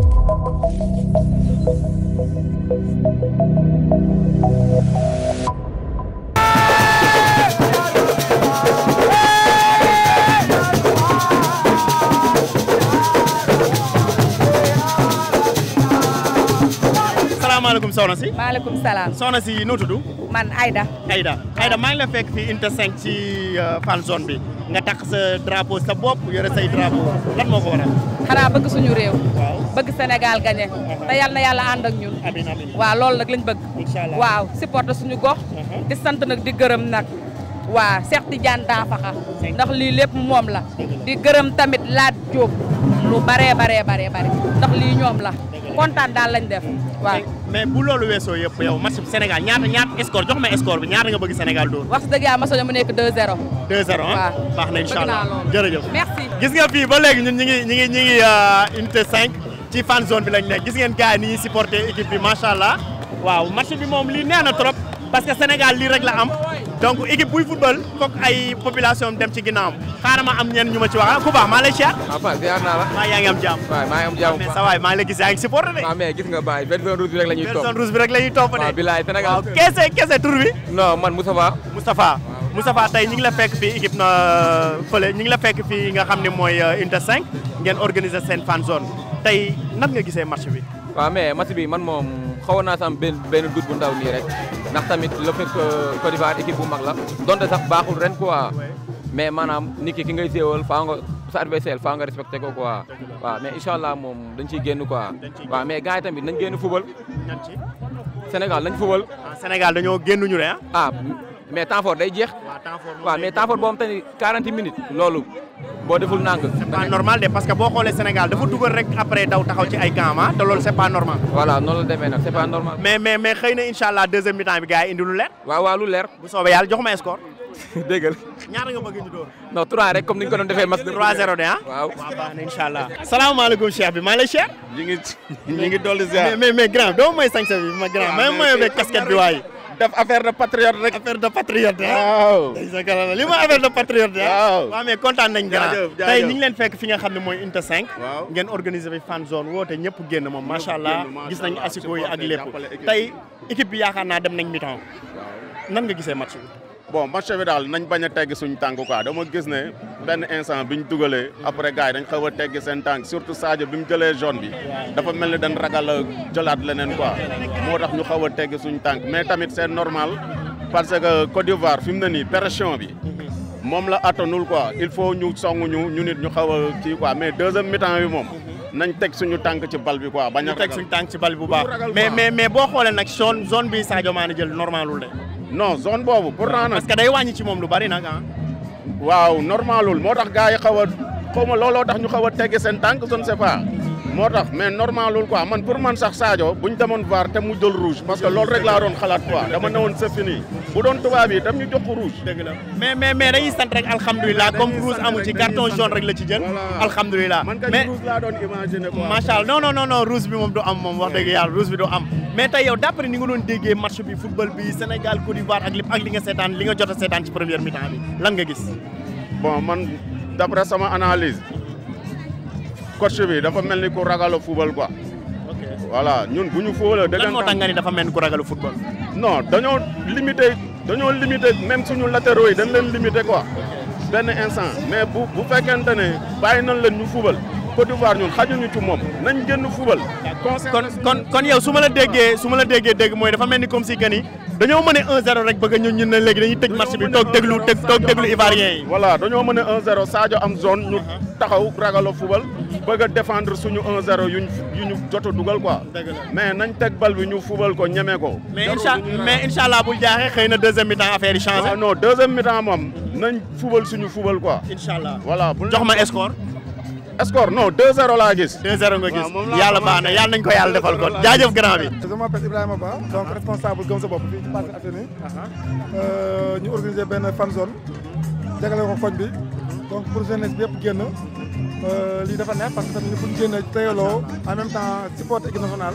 Thank you. asalaamaaleykum soxna si. maaleykum salam soxna si noo tudd. man Aida. Aida Aida ma ngi la fekk fii unité 5 ci euh, fan zone bi nga tak sa drapeau sa bop yore say drapeau lan moko ko waral. xanaa bëgg suñu réew. bëgg Sénégal gagné. Uh-huh. ta yalla na yalla and ak ñun. amin amin wa lool nak lañ bëgg. inshallah waaw supporte suñu gox. Uh-huh. di sante nak di gëreum nak wa Cheikh Tidiane Dafaxa ndax li lepp mom la di gëreum tamit Laat Diop lu bare bare bare bare ndax li ñom la kontaan daal lañ def waaw. mais bu loolu weesoo yëpp yow match Sénégal ñaata ñaata score jox ma score bi ñaata nga bëgg Sénégal dóor. wax dëgg yàlla mu nekk 2-0. 2-0 ah baax na incha allah jërëjëf merci. gis nga fii ba léegi ñun ñi ngi ñi ngi ñi ngi euh, ci fan zone bi lañ nekk gis ngeen gars yi ni ñuy supporter équipe bi macha allah waaw match bi moom lii nee na trop parce que Sénégal lii rek la am. donc équipe buy football foog ay population dem ci ginnaawam xaaral ma am ñenn ñu ma ci wax a ku baax maa lay siyaar. Ah, waaw am jàmm. waaw maa sa waay maa ngi la gis yaa ngi de. waaw mais gis nga baay benn zone rouge rek la ñuy topp benn zone rouge bi man Moustapha. Moustapha tey ñu ngi la fekk fii équipe na euh, fële ñu ngi la fekk fii nga xam ne mooy Unité euh, 5 ngeen organiser seen fan zone tey nan nga gisee match bi. waaw mais match man moom xawoon naa sam benn benn doute bu ndaw nii rek ndax tamit la fait que Côte d'Ivoire bu mag la donte sax baaxul ren quoi mais maanaam nit ki ki ngay séewal faa nga sa adversaire faa nga respecté ko quoi waaw mais incha allah moom dañ ciy génn quoi waaw mais gars yi tamit nañ génn fubal Sénégal lañ fubal ah, Sénégal dañoo génn ñu re mais temps fort day jeex. waaw mais temps fort boo xam te ni minutes. loolu boo deful nang c'est que boo xoolee Sénégal dafa dugal rek après daw taxaw ci ay camp ah c'est pas normal. voilà noonu la demee nag c'est pas normal. mais mais mais xëy na incha allah deuxième mi-temps bi gars yi indi lu leer. waaw waaw lu leer. bu soobee yàlla jox ma score. dégg nga. ñaata nga de ah. waaw waaw baax na incha bi maa ngi lay cheikh. ñu grand doo mooy casquette def affaire de patriote rek. affaire de patriote ah. waaw li ma affaire de patriote ah. waaw waaw mais kontaan nañ jaajëf jaajëf tey ni leen fekk fi nga xam ne mooy Unité 5. ngeen organiser fi fan zone woote ñëpp génn moom macha allah gis nañ asiko yi ak lépp tey équipe bi naa dem nañ mi-temps. nan nga gisee match bi. bon match bi daal nañ bañ a tegg suñu tànk quoi dama gis ne. ben instant biñ ñu après gars dañ xawa a sen tank surtout Sadio bi mu jaune bi dafa melni dañ ragal a lenen quoi motax ñu xawa a suñ tank mais tamit c'est normal parce que Côte d'Ivoire fi mu ne pression bi mom la atonul quoi il faut ñu songu ñu ñu nit ñu xawa ci quoi mais deuxième mi-temps bi mom nañ teg suñu tank ci bal bi quoi. bañ a teg suñu tànk ci bal bu baax mais mais mais bo xolé nak zone zone bi Sadio Mané jël normalul dé non zone bobu pourtant parce que day wàññi ci mom lu bari nak hein ah. waaw normalul moo tax gars yi xaw a xaw looloo tax ñu xaw a tegge seen tànk je ne sais moo tax mais normalul quoi man pour man sax Sadio bu ñu demoon VAR te mu jël rouge parce que loolu rek laa doon xalaat quoi dama ne woon c'est fini bu doon tubaab yi tam ñu jox ko rouge. la mais mais sant rek alhamdulilah comme rouge amu ci carton jaune rek la ci jël. alhamdulilah man kay rouge laa doon bi moom du am moom wax dëgg yàlla rouge bi du am. mais tey yow d'après ni nga doon déggee match bi football bi Sénégal Côte ak lépp ak li nga seetaan li nga jot a seetaan ci première man d'après sama analyse. coach bi dafa melni ko ragalo football quoi. voilà ñun buñu foole fóolee. lan moo tax nga ni dafa melni ko ragalo football. non dañoo limité dañoo limité même suñu latéraux yi dañ leen limité quoi. ben instant mais bu bu fekkente ne bàyyi nañ leen ñu football Côte d'Ivoire ñun xajuñu ci moom nañ génn football. kon kon kon yow su ma la déggee su ma la déggee dégg mooy dafa mel ni comme si que ni dañoo mën a rek bëgg ñun ñun ne léegi dañuy tëj match bi toog déglu tëj toog déglu Ivoirien yi. voilà dañoo mën a 1 am zone ñu uh-huh. taxaw ragalo fubal bëgg defendre défendre suñu 1-0 yuñ yu ñu jot a dugal quoi. mais nañ teg bal bi ñu fubal ko ñeme ko. mais incha mais incha allah bul jaaxee xëy na deuxième mi-temps affaire yi changé. Ah non deuxième mi moom nañ fubal suñu fubal quoi. incha allah voilà jox ma score. score non 2-0 laa gis. 2-0 nga gis yàlla baax na yàlla nañ ko yàlla defal kon jaajëf grand bi. je m'appelle Ibrahima Ba donc responsable gëm sa bopp fii ci Parcelles Assainies. Euh, ñu organiser benn fan zone. jagale ko koñ bi donc pour jeunesse bi yëpp génn. Euh, lii dafa neex parce que tamit bu ñu génnee teeloo en même temps support équipe nationale.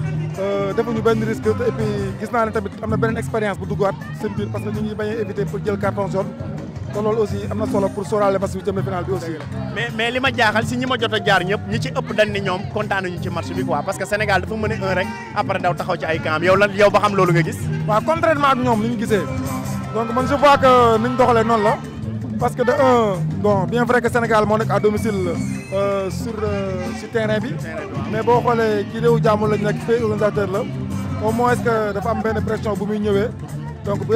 Euh, defuñu benn risque te et puis gis naa ne tamit am na beneen expérience bu duggaat seen biir parce que ñu ngi bañ a pour jël carton jaune te aussi am na solo pour sóoraale match bi jëm final bi aussi. mais li ma jaaxal si ñi ma jot a jaar ñëpp ñi ci ëpp dañ ni ñoom kontaan nañu ci match bi quoi parce que Sénégal dafa mën a un rek après daw taxaw ci ay camp yow lan yow ba xam loolu nga gis. waaw contrairement ak ñoom li ñu gisee donc man je vois parce que de un bien vrai que Sénégal est à domicile euh, sur euh, sur terrain mais si on qui des lañ la au moins que dafa am une pression bu muy donc bu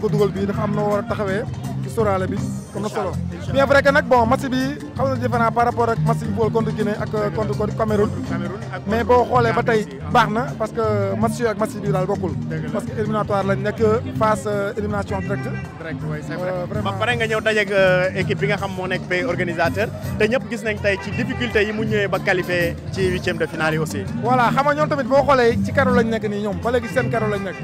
ko le comme bien vrai que nag bon match bi xaw na différent par rapport ak match bi contre Guinée ak euh, contre Cameroun mais boo xoolee ba tey baax na parce que match yooyu ak match bi daal bokkul parce que éliminatoire lañ nekk phase euh, élimination directe euh, ba pare nga ñëw dajeeg équipe bi nga xam moo nekk pays organisateur te ñëpp gis nañ tey ci difficulté yi mu ñëwee ba qualifié ci huitième de finale yi aussi voilà xam nga ñoom tamit boo xoolee ci karo lañ nekk nii ñoom ba léegi seen karo lañ nekk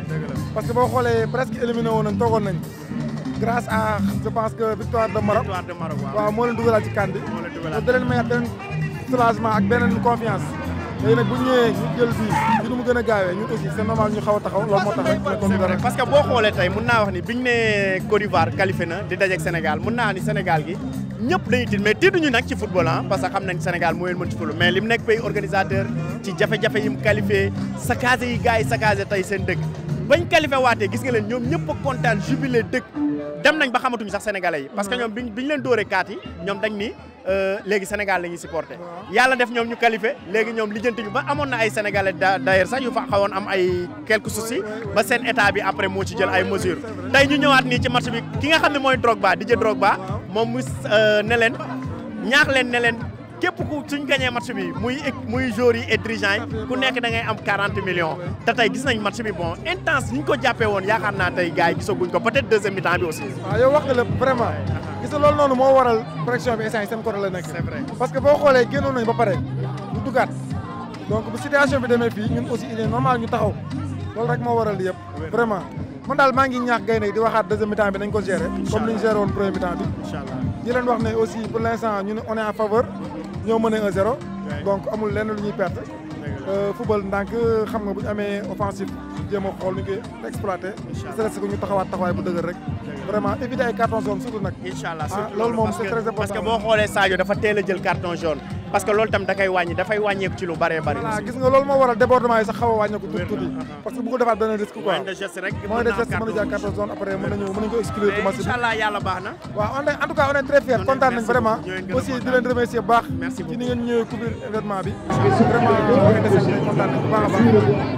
grace à je pense que victoire de Maroc waaw moo leen dugalaat ci kan bi da leen mayaat beneen soulagement ak beneen confiance léegi nag bu ñëwee ñu jël bi ci nu mu gën a gaawee ñu aussi c'est ñu xaw a taxaw loolu parce que boo xoolee tey mun naa wax ni biñ ne Côte d'Ivoire qualifié na di dajeek Sénégal mun naa ni Sénégal gi ñëpp dañuy tiit mais tiituñu nag ci football ah parce que xam nañ Sénégal moo leen mën ci football mais lim nekk pays organisateur ci jafe-jafe yi mu qualifié saccagé yi gars yi saccagé tey seen dëkk bañ qualifié waatee gis nga leen ñoom ñëpp kontaan jubilé dëkk dem nañ ba xamatuñ sax sénégalais yi parce que mm. ñoom biñ biñ leen dóoree kaat yi ñoom dañ ni euh, léegi Sénégal la si porté yàlla def ñoom ñu qualifié léegi ñoom lijjanti ñu ba amoon na ay sénégalais d'ailleurs sax yu fa xawoon am ay quelques soucis ba seen état bi après moo ci jël ay mesures tey ñu ñëwaat nii ci match bi ki nga xam ne mooy Drogba Didier Drogba moom mu euh, ne leen ñaax leen ne leen képp ku suñ gagné match bi muy muy joueur yi et dirigeants yi ku nekk da ngay am 40 millions te tey gis nañ match bi bon intense ñu ko jappé won yaakaar naa tey gars yi gisaguñ ko peut-être deuxième mi-temps bi aussi. waaw yow wax nga lépp vraiment gis nga loolu noonu moo waral pression bi instant yi seen côté la nekk. c'est vrai parce que boo xoolee génnoon nañ ba pare du dugaat donc bu situation bi demee fii ñun aussi il est normal ñu taxaw loolu rek moo waral li yëpp vraiment. man daal maa ngi ñaax gaynde di waxaat deuxième mi-temps bi nañ ko gérer. comme ni ñu géré woon premier mi-temps bi. incha allah di leen wax ne aussi pour l'instant ñu on est en faveur ñoo mënee 1-0. donc amul lenn lu ñuy perte. Euh, football ndank xam nga bu amé offensif offensive xol a xool ñu koy exploité. incha allah ñu taxawaat taxaway bu dëgër rek. vraiment éviter ay carton jaune surtout nak inshallah ah, surtout loolu moom c'est très important parce que bo xolé Sadio dafa teel a jël carton jaune. parce que loolu tam da koy wàññi dafay wàññeeku ci lu bëree bëri. Ah, gis nga loolu moo waral débordement yi sax xaw a wàññeeku tuuti tuuti parce que bu ko defaat benn risque quoi moyen de geste rek mën jaar 14 zones après mën nañu mën nañu na waaw on est en tout cas on est très fiers kontaan nañ vraiment aussi di remercier baax ci ni ngeen ñëwee couvrir événement bi vraiment kontaan nañ bu baax baax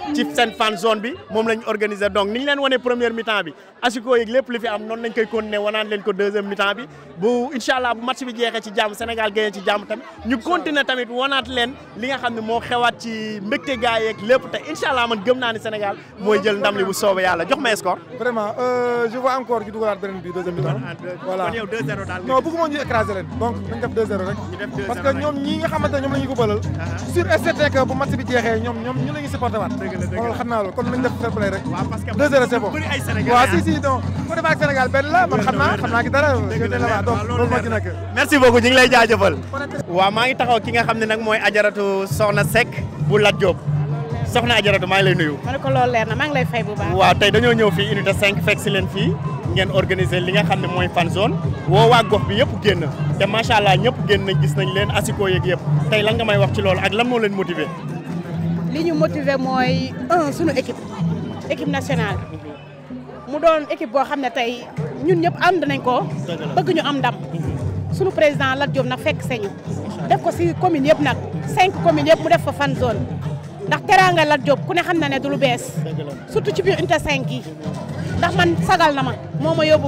ci seen fan zone bi moom lañ organiser donc ni leen wane première mi-temps bi asiko yeeg lépp li fi am noonu lañ koy continuer wanaan leen ko deuxième mi bi bu incha bu match bi jeexee ci jàmm Sénégal gagné ci jàmm tamit ñu continuer tamit wanaat leen li nga xam ne moo xewaat ci mbégte gaa yeeg te incha man gëm naa mooy jël ndam li bu soobee yàlla jox ma score. vraiment euh, je vois encore ñu dugalaat beneen bi deuxième mi ah, parce que ñoom ñi nga ñoom la ah, ah. ñu ko sur STK loolu xam naa man xam naa ki dara la donc moo ci nekk merci beaucoup ñu lay jaajëfal waaw maa ngi taxaw ki nga xam ne nag mooy ajaratu Soxna Seck bu Lat Diop soxna ajaratu maa lay nuyu na maa ngi lay fay bu baax waaw tey dañoo ñëw fii unité 5 fekk si leen fii ngeen organiser li nga xam ne mooy fan zone woo waa gox bi yëpp génn te macha allah ñëpp génn nañ gis nañ leen asiko yeeg yëpp tey lan nga may wax ci loolu ak lan moo leen motiver li ñu motiver mooy sunu équipe équipe nationale mu doon équipe boo xam ne tey ñun ñëpp ànd nañ ko bëgg ñu am ndam sunu président Lat Diop na fekk sañu def ko si commune yëpp nag cinq communes yëpp mu def fa fan zone ndax teraanga Lat Diop ku ne xam na ne du lu bees surtout ci biir unité 5 yi ndax man sagal na ma moo ma yóbbu